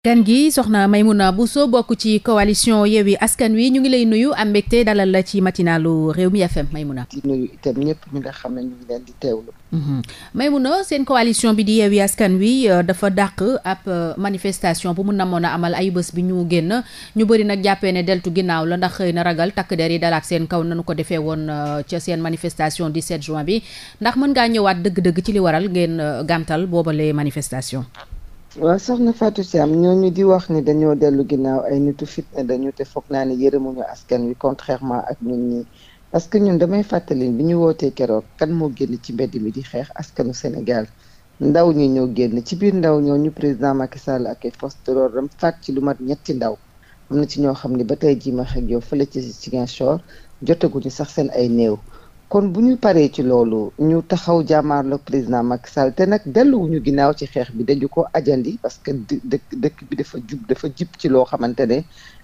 gan gi soxna bu Bousso bokk ci coalition Yewwi Askan Wi ñu ngi lay nuyu am mbégte dalal la ci matinalu réew FM Maimouna. may nuyu ñëpp ñi nga xam ne ñu ngi leen di teewlu. Mhm. Maimouna seen coalition bi di Yewwi Askan Wi euh, dafa dàq ab euh, manifestation bu mun na namoon a amal ay bés bi ñu génn ñu bëri nag jàppee ne deltu ginnaaw la ndax xëy na ragal takk der yi dalaat seen kaw nanu ko defee woon euh, ca seen manifestation 17 juin bi ndax mën ngaa ñëwaat dëgg-dëgg ci li waral ngeen gàntal boobale manifestation. waaw soxna am ñoo ñu di wax ni dañoo dellu ginnaaw ay nitu fitna dañu te foog naa ne yërëmuñu askan wi contrairement ak ñun ñi parce que ñun damay fàttali bi ñu wootee keroog kan moo génn ci mbedd mi di xeex askanu Sénégal ndaw ñi ñoo génn ci biir ndaw ñoo ñu président Macky Sall ak ay forces de ci lu mat ñetti ndaw am na ci ñoo xam ne ba tey jii ma xeg yow fële ci Ziguinchor jotaguñu sax seen ay néew. kon bu ñu paree ci loolu ñu taxaw jàmmaarloog président Macky Sall te nag delluwuñu ginnaaw ci xeex bi dañu ko ajandi parce que dëkk dëkk bi dafa jub dafa jib ci loo xamante ne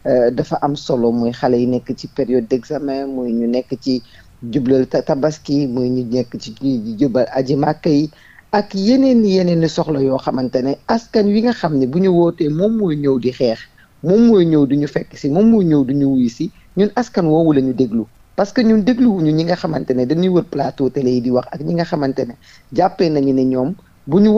euh, dafa am solo muy xale yi nekk ci période d'examen muy ñu nekk ci jublal tabaski muy ñu nekk ci jubal aji màkk yi ak yeneen yeneen i soxla yoo xamante ne askan wi nga xam ne bu ñu wootee moom mooy ñëw di xeex moom mooy ñëw di ñu fekk si moom mooy ñëw di ñu si ñun askan woowu la ñu déglu parce que ñun dégluwuñu ñi nga xamante ne dañuy wër plateau télé yi di wax ak ñi nga xamante ne jàppee nañu ne ñoom bu ñu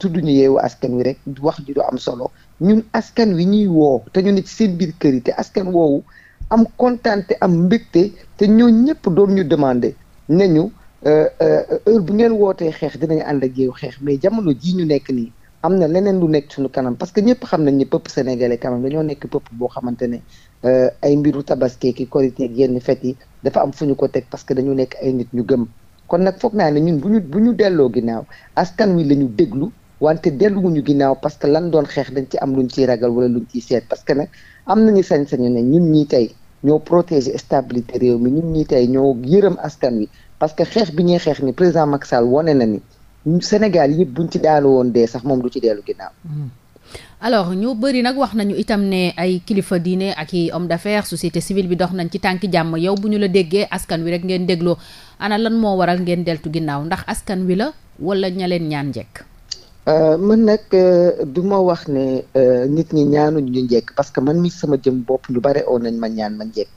tudd ñu yeewu askan wi rek wax ji du am solo ñun askan wi ñuy woo te ñu ne ci seen biir kër yi askan woowu am kontaan te am mbégte te ñoo ñëpp doon ñu demander ne ñu euh, euh, heure bu ngeen wootee xeex dinañ ànd ak yeewu xeex mais jamono jii ñu nekk nii am na leneen lu nekk suñu kanam parce que ñëpp xam nañ ni peuple sénégalais kanam dañoo nekk peuple boo xamante ne euh, ay mbiru tabaski ki korite ak yenn fête yi dafa am fu ñu ko teg parce que dañu nekk ay nit ñu gëm kon nag foog naa ne ñun bu ñu bu ñu delloo ginnaaw askan wi la ñu déglu wante delluwuñu ginnaaw parce que lan doon xeex dañ ci am luñ ciy ragal wala luñ ciy seet parce que nag am nañu sañ-sañu ne ñun ñii tey ñoo protéger stabilité réew mi ñun ñii tey ñoo yërëm askan wi parce que xeex bi ñuy xeex ni président Macky Sall wane na ni Sénégal yëpp buñ ci daanu woon dee sax moom du ci dellu ginnaaw mm. alors ñu bëri nag wax nañu itam ne ay kilifa diine ak i homme d'affaires société civile bi dox nañ ci tànki jàmm yow bu ñu la déggee askan wi rek ngeen dégloo ana lan moo waral ngeen deltu ginnaaw ndax askan wi la wala ña leen ñaan njekk Uh, man nag uh, du ma wax ne uh, nit ñi ñaanuñ ñu njekk parce que man mi sama jëm bopp lu bare oo nañ ma ñaan ma njekk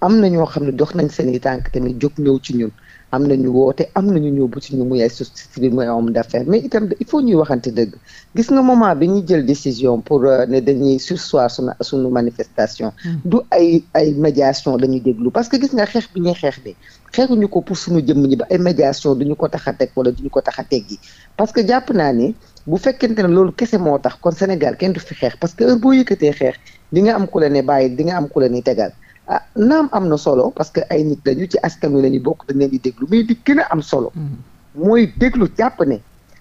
am na ñoo xam ne dox nañ seen i tànk mi jóg ñëw ci ñun am na ñu woote am na ñu ñëw ba ci ñu muy ay société bi muy homme d'affaires mais itam il faut ñuy waxante dëgg gis nga moment bi ñu jël décision pour euh, ne dañuy surseoir sunu sunu manifestation. Hmm. du ay ay médiation la déglu parce que gis nga xeex bi ñuy xeex bi xeexuñu ko pour suñu jëmm ñi ba ay médiation duñu ko tax a teg wala duñu ko tax a teg gi parce que jàpp naa ni bu fekkente ne loolu kese moo tax kon Sénégal kenn du fi xeex parce que boo yëkkatee xeex di nga am ku la ne bàyyi di nga am ku la ne tegal. ah naam am na solo parce que ay nit lañu ci askan wi la bokk dañ leen di déglu mais di gën a am solo. Hmm. mooy déglu jàpp ne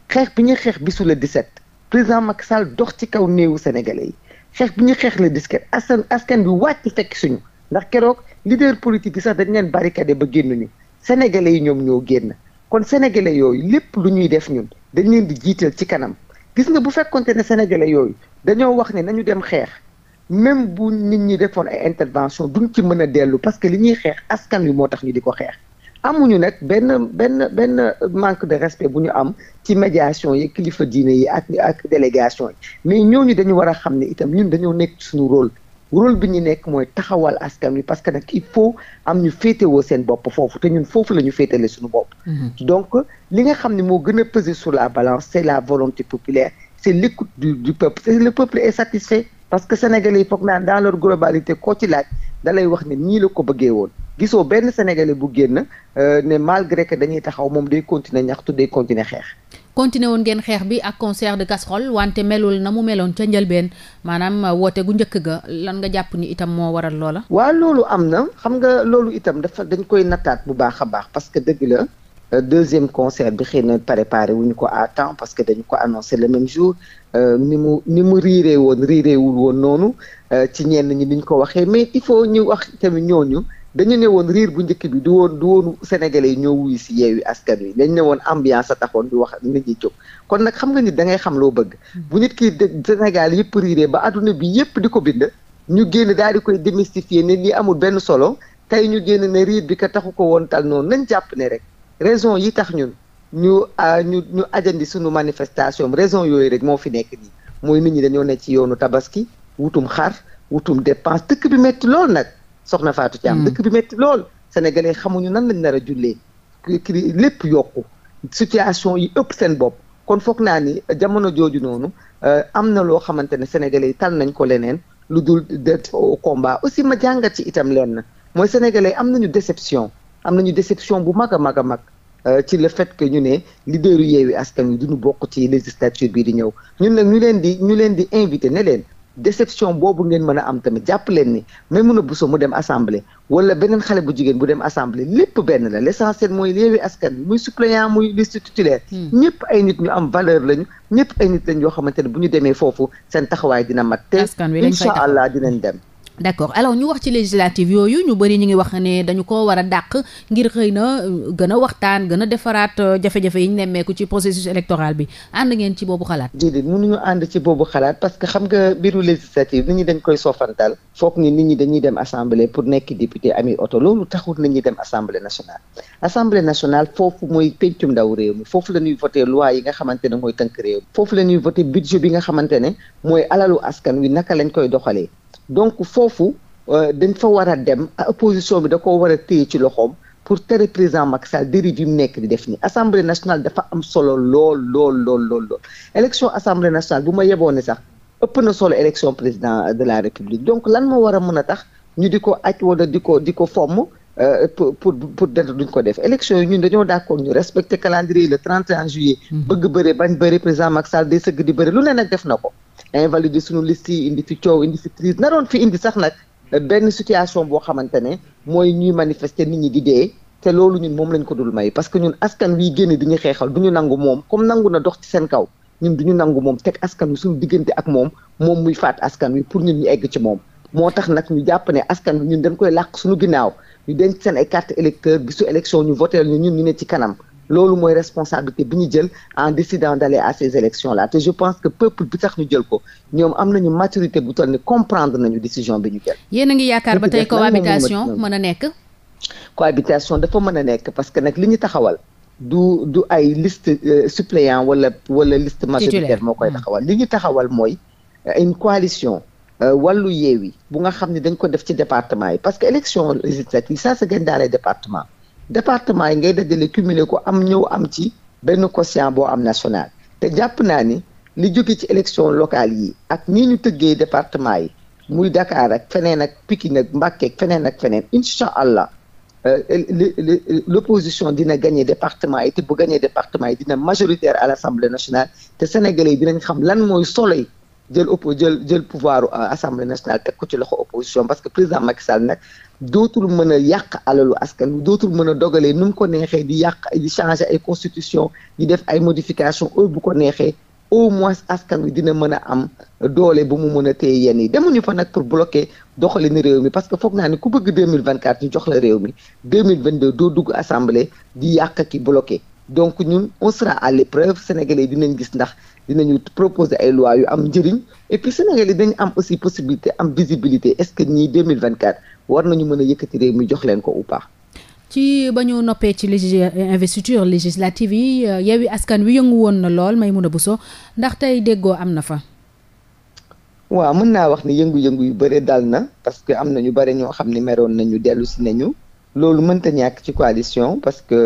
xeex bi ñuy xeex bisu le 17 président Macky Sall dox ci kaw néewu sénégalais yi xeex bi ñu xeex le 17 askan askan bi wàcc fekk suñu ndax keroog leader politique yi sax dañ leen barricadé ba génn ñu sénégalais yi ñoom ñoo génn kon sénégalais yooyu lépp lu ñuy def ñun dañ leen di jiital ci kanam gis nga bu fekkonte ne sénégalais yooyu dañoo wax ne nañu dem xeex. même bu nit ñi defoon ay intervention duñ ci mën a dellu parce que li ñuy xeex askan wi moo tax ñu di ko xeex amuñu nag benn benn benn manque de respect bu ñu am ci médiation yi kilifa diine yi ak ak délégation yi mais ñooñu dañu war a xam ne itam ñun dañoo nekk suñu rôle rôle bi ñu nekk mooy taxawal askan wi parce que nag il faut am ñu féetewoo seen bopp foofu te ñun foofu la ñu féetale suñu bopp. Mm-hmm. donc li nga xam ni moo gën a peser sur la balance c'est la volonté populaire c'est l'écoute du du peuple parce que sénégalais yi foog naa dans leur globalité koo ci laaj da wax ne nii la ko bëggee woon gisoo benn sénégalais bu génn euh, ne malgré que dañuy taxaw moom day continuer ñaxtu day continuer xeex. continé woon ngeen xeex bi ak concert de casserole wante melul na mu meloon ca njëlbeen maanaam woote gu njëkk ga lan nga jàpp ni itam moo waral loola. waa loolu am na xam nga loolu itam dafa dañ koy nattaat bu baax a baax parce que dëgg la. deuxième concert bi xëy na préparé wuñu ko à temps parce que dañu ko annoncé le même jour euh, ni mu ni mu riire woon riireewul woon noonu euh, ci ñenn ñi niñ ko waxee mais il faut ñu wax tamit ñooñu dañu ne woon riir bu njëkk bi du woon du woon sénégalais yi ñoo wuyu si yeewi askan wi dañu ne woon ambiance a taxoon di wax nit ñi jóg kon nag xam nga nit da ngay xam loo bëgg hmm. bu nit ki Sénégal yëpp riiree ba adduna bi yëpp di ko bind ñu génn daal di koy démystifier nit ñi amul benn solo tey ñu génn ne riir bi ka taxu ko woon tal noonu nañ jàpp rek raison yi tax ñun ñu ñu ñu ajandi suñu manifestation raison yooyu rek moo fi nekk nii mooy mi ñi dañoo ne ci yoonu tabaski wutum xar wutum dépense dëkk bi metti lool nag soxna Fatou Thiam mm. dëkk bi metti lool sénégalais xamuñu nan lañ nar a jullee kii lépp yokku situation yi ëpp seen bopp kon foog naa ni jamono jooju noonu euh, am na loo xamante ne sénégalais yi tal nañ ko leneen lu dul det au combat aussi ma jàngat ci itam lenn mooy sénégalais am nañu déception am nañu déception bu mag a mag a mag Euh, ci le fait que ñu ne leader yu askan Askan Wi ñu bokk ci législature bii di ñëw ñun nag ñu leen di ñu leen di invité ne leen déception boobu ngeen mën a am tamit jàpp leen ni Maimouna Bousso mu dem assemblée wala beneen xale bu jigéen bu dem assemblée lépp benn la l' essentiel mooy Yewwi Askan Wi muy suppléant muy liste titulaire hmm. ñëpp ay nit ñu am valeur lañu ñëpp ay nit lañ yoo xamante ne bu ñu demee foofu seen taxawaay dina mat te incha allah dinañ dem d'accord alors ñu wax ci législative yooyu ñu bëri ñu ngi wax ne dañu ko war a dàq ngir xëy na euh, gën a waxtaan gën a defaraat euh, jafe-jafe yi ñu nemmeeku ci processus électoral bi ànd ngeen ci boobu xalaat. déedéet mënuñu ànd ci boobu xalaat parce que xam nga mbiru législative nit ñi dañ koy soofantal. foog ni nit ñi dañuy dem assemblée pour nekk député ami oto loolu taxul nit ñi dem assemblée nationale. assemblée nationale foofu mooy pencum ndaw réew mi foofu la ñuy voté loi yi nga xamante ne mooy tënk foofu la ñuy voté budget bi nga xamante ne mooy alalu askan wi naka lañ koy doxalee donc foofu euh, dañ fa war a dem opposition bi da ko war a téye ci loxoom pour tere président Macky Sall dérive yi mu nekk di def nii assemblée nationale dafa am solo lool lool lool lool lool. élection assemblée nationale bu ma yeboo sax ëpp na solo élection président de la république donc lan moo war a mën a tax ñu di ko aj wala di ko di ko fomm. Euh, pour pour pour dara duñ ko def élection yi ñu dañoo d'accord ñu respecté calendrier le 31 juillet. Mhm. bëgg bëre bañ bëre président Macky Sall day sëgg di bëre lu ne nag def na ko. invalidé suñu liste yi indi fi coow indi fi crise naroon fi indi sax nag benn situation boo xamante ne mooy ñuy manifester nit ñi di dee te loolu ñun moom lañ ko dul may parce que ñun askan wi génn di ñu xeexal du ñu nangu moom comme nangu na dox ci seen kaw ñun du ñu nangu moom teg askan wi suñu diggante ak moom moom muy faat askan wi pour ñun ñu egg ci moom moo tax nag ñu jàpp ne askan wi ñun dañ koy làq suñu ginnaaw ñu denc seen ay carte électeur bi su élection ñu voté ñu ñun ñu ne ci kanam loolu mooy responsabilité bu ñu jël en décidant d' aller à ces élections là te je pense que peuple bi tax ñu jël ko ñoom am nañu maturité bu toll ni comprendre nañu décision bi ñu jël. yéen a ngi yaakaar ba tey cohabitation mën a nekk. cohabitation dafa mën a nekk parce que nag li ñu taxawal du du ay liste euh, suppléant wala wala liste majoritaire moo koy hmm. taxawal li ñu taxawal mooy euh, une coalition. Euh, wàllu yeewi bu nga xam ne dañ ko def ci département yi parce que élection législative ça se gagne dans département yi ngay dajale cumuler ko am ñëw am ci benn quotient boo am national te jàpp naa ni li jóge ci élection locale yi ak nii ñu tëggee département yi muy Dakar ak feneen ak Pikine ak Mbacké ak feneen ak feneen incha allah euh, l'opposition dina gagner département yi te bu gagner département yi dina majoritaire à l'Assemblée nationale te sénégalais yi dinañ xam lan mooy solo yi jël oppo jël jël pouvoir euh, assemblée nationale teg ko ci loxo opposition parce que président Macky Sall nag dootul mën a yàq alalu askan wi dootul mën a dogalee nu mu ko neexee di yàq di changer ay constitution di def ay modification heure bu ko neexee au moins askan wi dina mën a am doole bu mu mën a téye yenn yi demuñu fa nag pour bloquer doxalinu réew mi parce que foog naa ne ku bëgg 2024 ñu jox la réew mi 2022 doo dugg assemblée di yàq ki bloqué. donc ñun on sera à l'épreuve sénégalais dinañ gis ndax dinañu proposer ay lois yu am njëriñ et puis sénégalais dinañ am aussi possibilité am visibilité est-ce que ñii 2024 war nañu mën a yëkkati réew mu jox leen ko ou pas. ci ba ñu noppee ci légis investiture législative yi euh, Yewwi Askan Wi yëngu woon na lool may a Bousso ndax tey déggoo am na fa. waaw mën naa wax ni yëngu-yëngu yu bëre dal na parce que am na ñu bëri ñoo xam ne meroon nañu dellu si nañu. loolu mënta ñàkk ci coalition parce que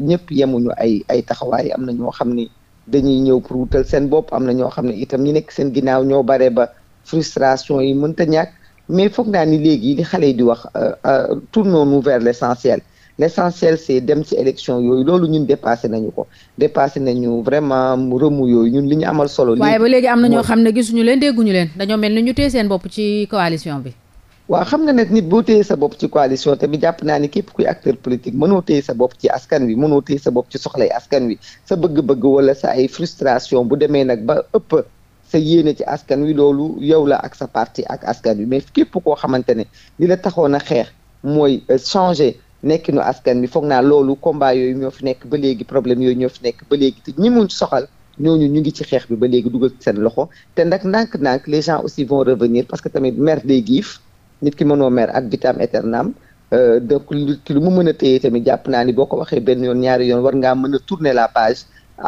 ñëpp yemuñu ay ay taxawaay am na ñoo xam ni dañuy ñëw pour wutal seen bopp am na ñoo xam ne itam ñu nekk seen ginnaaw ñoo bare ba frustration yi mënta ñàkk mais foog naa ni léegi li xale yi di wax euh, euh, tournons-nous vers l'essentiel l'essentiel c'est dem ci élection yooyu loolu ñun dépassé nañu ko dépassé nañu vraiment remous yooyu ñun li ñu amal solo. waaye ba léegi am na ñoo xam ne gisuñu dégguñu leen dañoo mel ni ñu téye seen bopp ci coalition bi. waaw xam nga nag nit boo téye sa bopp ci coalition tamit jàpp naa ne képp kuy acteur politique mënoo téye sa bopp ci askan wi mënoo téye sa bopp ci soxlay askan wi sa bëgg-bëgg wala sa ay frustration bu demee nag ba ëpp sa yéene ci askan wi loolu yow la ak sa parti ak askan wi mais képp koo xamante ne li la taxoon a xeex mooy euh, changer nekkinu askan wi foog naa loolu combat yooyu ñoo fi nekk ba léegi problème yooyu ñoo nekk ba léegi te ñi mun soxal ñooñu ñu ngi ci xeex bi ba léegi dugal seen loxo te nag ndànk-ndànk les gens aussi parce que tamit nit ki mënoo mer ak vitam aeternam euh, donc lu mu mën a téye tamit jàpp naa ni boo ko waxee benn yoon ñaari yoon war nga mën a tourner la page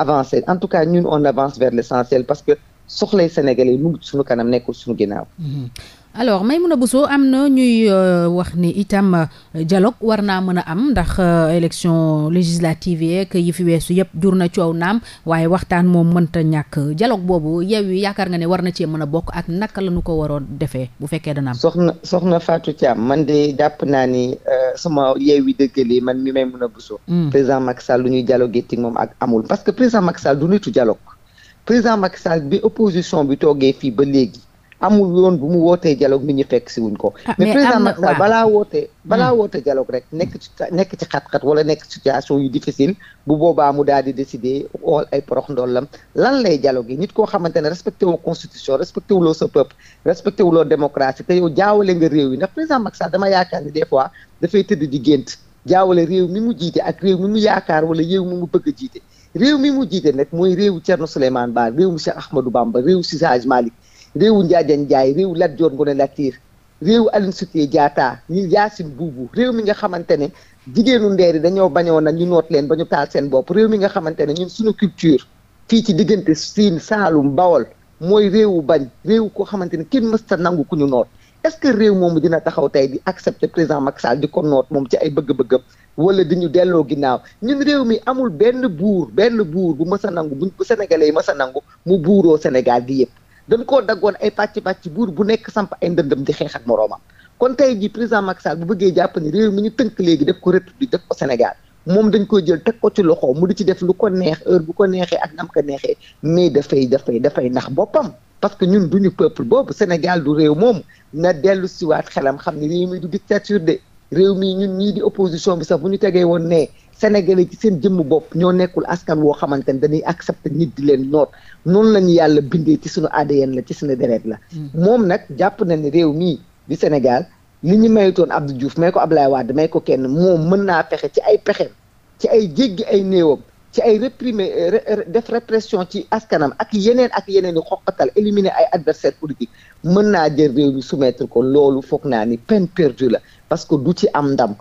avancer en tout cas ñun on avance vers l' essentiel parce que soxlay Sénégalais yi mu suñu kanam nekkul suñu ginnaaw. Mm-hmm. alors Maimouna Bousso am na ñuy euh, wax ni itam jaloog euh, war naa mën a am ndax euh, élection législative yeeg yi fi weesu yëpp jur na coow naam waaye waxtaan moom mënta ñàkk jaloog boobu yow yaakaar nga ne war na cee mën a bokk ak naka la ñu ko waroon defee bu fekkee dana am. soxna soxna Fatou Thiam man de jàpp naa ni sama yeewi dëggalee man mi Maimouna Bousso. Hmm. président Macky Sall lu ñuy dialogue it moom ak amul parce que président Macky Sall du nitu dialogue président Macky bi opposition bi toogee fii ba léegi. amul yoon bu mu wootee dialogue nit ñi fekk si wuñ ko. Ah, mais président Macky Sall balaa wootee. Hmm. balaa wootee dialogue rek nekk ci nekk ci xat-xat wala nekk situation yu difficile bu boobaa mu daal di décider xool ay porox ndollam lan lay dialogue yi nit koo xamante ne respecté woo constitution respecté wuloo sa peuple respecté wuloo démocratie te yow jaawale nga réew yi ndax président Macky Sall dama yaakaar ni des fois dafay tëdd di gént jaawale réew mi mu jiite ak réew mi mu yaakaar wala réew mi mu bëgg a jiite réew mi mu jiite nag mooy réewu Thierno Souleymane Ba réewu Cheikh Ahmadou Bamba réewu Seydi Hadji Malick réewu Ndiadiane Ndiaye réewu Lat Dior Ngoné Latyr réewu Aline Sitoé Diatta ñu Yacine Boubou réew mi nga xamante ne jigéenu ndeer yi dañoo bañoo na ñu noot leen ba ñu taal seen bopp réew mi nga xamante ne ñun suñu culture fii ci diggante Siin Saalum Bawol mooy réewu bañ réew koo xamante ne kenn mësta nangu ku ñu noot est-ce que réew moom dina taxaw tey di accepter président mag Sall di ko noot moom ci ay bëgg bëgg wala di ñu delloo ginnaaw ñun réew mi amul benn buur benn buur bu mës a nangu bu Sénégalais yi mës a nangu mu buuroo Sénégal gi yëpp dañ koo daggoon ay pàcc pàcc buur bu nekk samp ay ndëndëm di xeex ak moroomam kon tey ji président Macky Sall bu bëggee jàpp ne réew mi ñu tënk léegi def ko république def ko Sénégal moom dañ koy jël teg ko ci loxo mu di ci def lu ko neex heure bu ko neexee ak nam ko neexee mais dafay dafay dafay nax boppam parce que ñun duñu peuple boobu Sénégal du réew moom na dellu siwaat xelam xam ni réew mi du dictature de réew mi ñun ñii di opposition bi sax bu ñu tegee woon ne Sénégalais ci seen jëmm bopp ñoo nekkul askan woo xamante ne dañuy accepter nit di leen noot noonu la ñu yàlla bindee ci suñu ADN la ci suñu deret la. Mm. moom nag jàpp na ne réew mii di Sénégal li ñu mayutoon Abdou Diouf may ko Abdoulaye Wade may ko kenn moom mën naa pexe ci ay pexe ci ay jéggi ay néewam. ci ay réprimer euh, def répression ci askanam ak yeneen ak yeneen i xoqatal éliminer ay adversaires politiques mën naa jël réew mi soumettre ko loolu foog naa ni peine la parce que du ci am ndam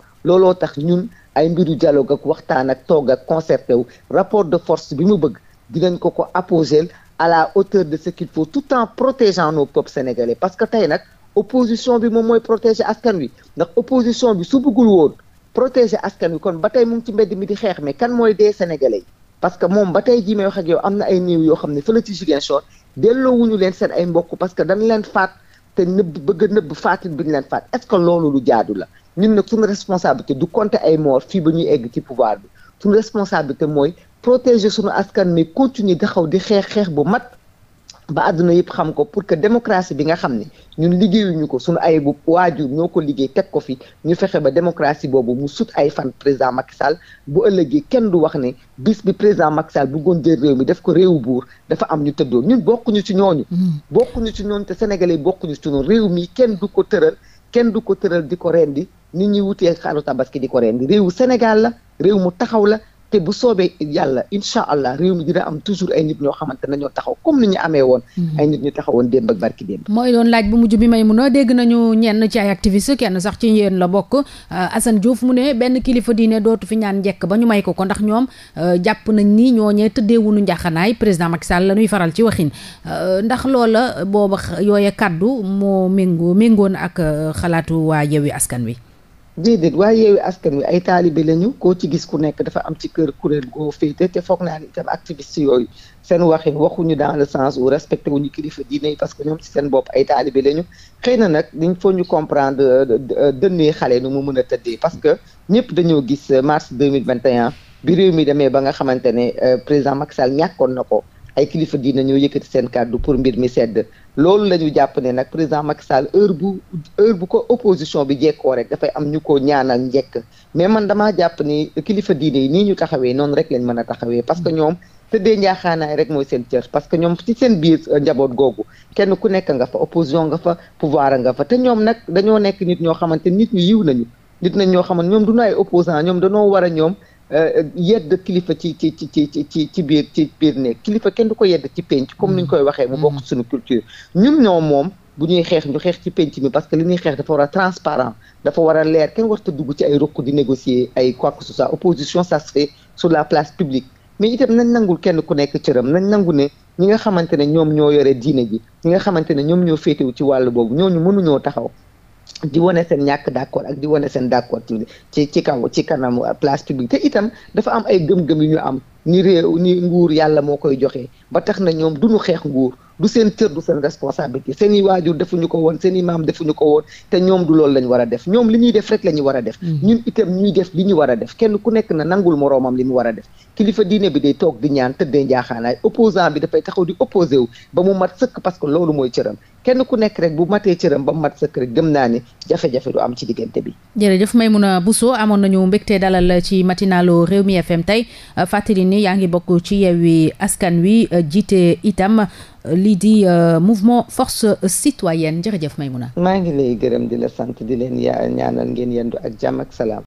ay mbiru dialogue ak waxtaan ak toog ak concerté wu rapport de force bi mu bëgg dinañ ko ko apposer à la hauteur de ce qu'il faut tout en protégeant nos peuples sénégalais parce que tey nag opposition bi moom mooy protéger askan wi ndax opposition bi su bëggul woon protéger askan wi kon ba tey mu ngi ci mbedd mi di xeex mi kan mooy dee sénégalais yi parce que moom ba tey jii may wax ak yow am na ay néew yoo xam ne fële ci Ziguinchor delloowuñu leen seen ay mbokk parce que dañ leen faat te nëbb bëgg nëbb faatin bi ñu leen faat est loolu lu jaadu la ñun nag suñu responsabilité du compter ay moor fii ba ñuy egg ci pouvoir bi suñu responsabilité mooy protéger suñu askan mais continuer taxaw di xeex xeex bu mat ba àdduna yëpp xam ko pour que démocratie bi nga xam ne ñun liggéeyuñu ko suñu ay bu waajur ñoo ko liggéey teg ko fi ñu fexe ba démocratie boobu mu sut ay fan président Macky Sall bu ëllëgee kenn du wax ne bis bi président Macky Sall bëggoon jël réew mi def ko réew buur dafa am ñu tëddoo ñun bokkuñu ci ñooñu. Mm. bokkuñu ci ñooñu te bokkuñu ci réew mi kenn du ko tëral kenn du ko tëral di ko rendi nit ñi wutee xaaru tabaski di ko rendi réewu Sénégal la réew mu taxaw la te bu soobee yàlla incha allah réew mi dina am toujours ay nit ñoo xamante ne ñoo taxaw comme ni ñu amee woon. Mhm. ay nit ñu taxawoon démb ak barki démb. mooy doon laaj bu mujj bi may mun a dégg nañu ñenn ci ay activiste kenn sax ci yéen la bokk euh, Assane Diouf mu ne benn kilifa diine dootu fi ñaan njekk ba ñu may ko ko ndax ñoom euh, jàpp nañ ni ñooñee tëddeewuñu njaxanaay président Macky Sall la ñuy faral ci waxin euh, ndax loola booba yooya kaddu moo méngoo méngoon ak xalaatu waa Yewwi Askan Wi. déedéet waaye yeewi askan wi ay taalibe lañu koo ci gis ku nekk dafa am ci kër kuréel goo féete te foog naa ni itam activiste yooyu seen waxin waxuñu dans le sens où respecté wuñu kilifa diine yi parce que ñoom ci seen bopp ay taalibe lañu xëy na nag dañ ñu comprendre euh, euh, dënnee xale nu mu mën a tëddee parce que ñëpp dañoo gis euh, mars 2021 bi réew mi demee ba nga xamante ne président Macky Sall ñàkkoon na ko ay kilifa diine ñoo yëkkati seen kàddu pour mbir mi sedd loolu la ñu jàpp ne nag président Macky Sall heure bu heure bu ko opposition bi jekkoo rek dafay am ñu ko ñaanal njekk mais man damaa jàpp ni kilifa diine yi nii ñu taxawee noonu rek lañ mën a taxawee parce que ñoom tëddee njaaxaanaay rek mooy seen cër parce que ñoom ci seen biir euh, njaboot googu kenn ku nekk nga fa opposition nga fa pouvoir nga fa te ñoom nag dañoo nekk nit ñoo xamante nit ñu yiw nañu nit nañ ñoo xamante ñoom du ay opposant ñoom dañoo war a ñoom Euh, yedd kilifa ci ci ci ci ci ci biir ci biir néeg kilifa kenn du ko yedd ci penc comme ni ñu koy waxee mu bokk mm. suñu culture ñun ñoo moom bu ñuy xeex ñu xeex ci penc mi parce que li ñuy xeex dafa war a transparent dafa war a leer kenn warta dugg ci ay rukk di négocier ay quoi que ce soit opposition ça su fait la place publique mais itam nañ nangul kenn ku nekk cëram nañ nangu ne ñi nga xamante ne ñoom ñoo yore diine ji ñi nga xamante ne ñoom ñoo féetewu ci wàll boobu ñooñu mënuñoo taxaw di wane seen ñàkk d'accord ak di wane seen d'accord ci ci kaw ci kanam place publique te itam dafa am ay gëm-gëm yu ñu am ni réew ni nguur yàlla moo koy joxe ba tax na ñoom duñu xeex nguur du seen cër du seen responsabilité seen i waajur defuñu ko woon seen i maam defuñu ko woon te ñoom du loolu lañ war a def ñoom li ñuy def rek la ñu war a def mm-hmm. ñun itam ñuy def li ñu war a def kenn ku nekk na nangul moroomam li mu war a def kilifa diine bi day toog di ñaan tëddee njaaxaanaay opposant bi dafay taxaw di opposé wu ba mu mat sëkk parce que loolu mooy cëram kenn ku nekk rek bu matee cëram ba mu mat sëkk rek gëm naa ne jafe-jafe du am ci diggante bi jërëjëf Maimouna Bousso amoon nañu mbégte dalal ci matinalu Rewmi FM tey fàttali ni yaa ngi bokk ci Yewwi Askan Wi jiite itam lii di euh, mouvement force citoyenne jërëjëf Maimouna maa ngi lay gërëm di la sant di leen yaa ñaanal ngeen yendu ak jàmm ak salaam